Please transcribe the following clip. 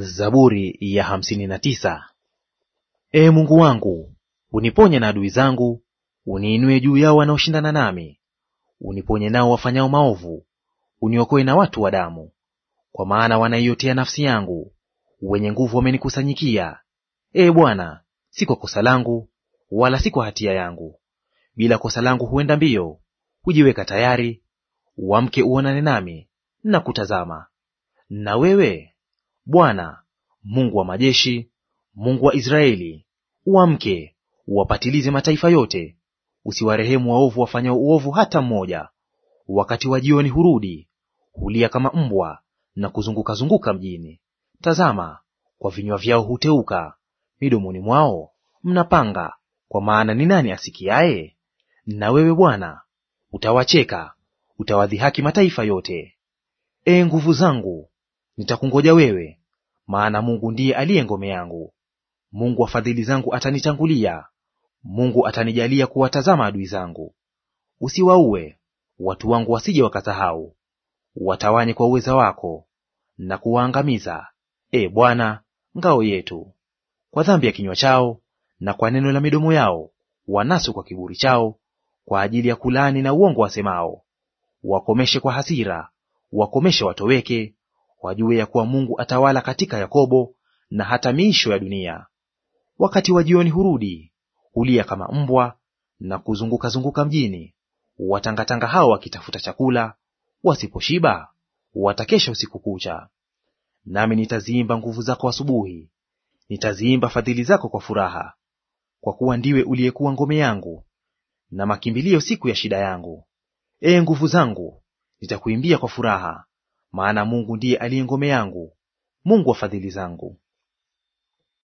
Zaburi ya hamsini na tisa. Ee Mungu wangu, uniponye na adui zangu, uniinue juu yao wanaoshindana nami. Uniponye nao wafanyao maovu, uniokoe na watu wa damu. Kwa maana wanaiotea nafsi yangu, wenye nguvu wamenikusanyikia. Ee Bwana, si kwa kosa langu wala si kwa hatia yangu. Bila kosa langu huenda mbio, hujiweka tayari; uamke uonane nami na kutazama. Na wewe Bwana Mungu wa majeshi, Mungu wa Israeli, uamke uwapatilize mataifa yote, usiwarehemu waovu wafanyao uovu hata mmoja. Wakati wa jioni hurudi, hulia kama mbwa na kuzungukazunguka mjini. Tazama, kwa vinywa vyao huteuka, midomoni mwao mnapanga, kwa maana ni nani asikiaye? Na wewe Bwana utawacheka, utawadhihaki mataifa yote. Ee nguvu zangu, nitakungoja wewe maana Mungu ndiye aliye ngome yangu, Mungu wa fadhili zangu atanitangulia, Mungu atanijalia kuwatazama adui zangu. Usiwaue watu wangu, wasije wakasahau. Watawanye kwa uweza wako na kuwaangamiza, e Bwana ngao yetu. Kwa dhambi ya kinywa chao na kwa neno la midomo yao wanasu kwa kiburi chao, kwa ajili ya kulaani na uongo wasemao. Wakomeshe kwa hasira, wakomeshe watoweke, wajue ya kuwa Mungu atawala katika Yakobo na hata miisho ya dunia. Wakati wa jioni hurudi, hulia kama mbwa na kuzunguka-zunguka mjini, watangatanga hao wakitafuta chakula; wasiposhiba watakesha usiku kucha. Nami nitaziimba nguvu zako asubuhi, nitaziimba fadhili zako kwa furaha, kwa kuwa ndiwe uliyekuwa ngome yangu na makimbilio siku ya shida yangu. Ee nguvu zangu, nitakuimbia kwa furaha, maana Mungu ndiye aliye ngome yangu, Mungu wa fadhili zangu.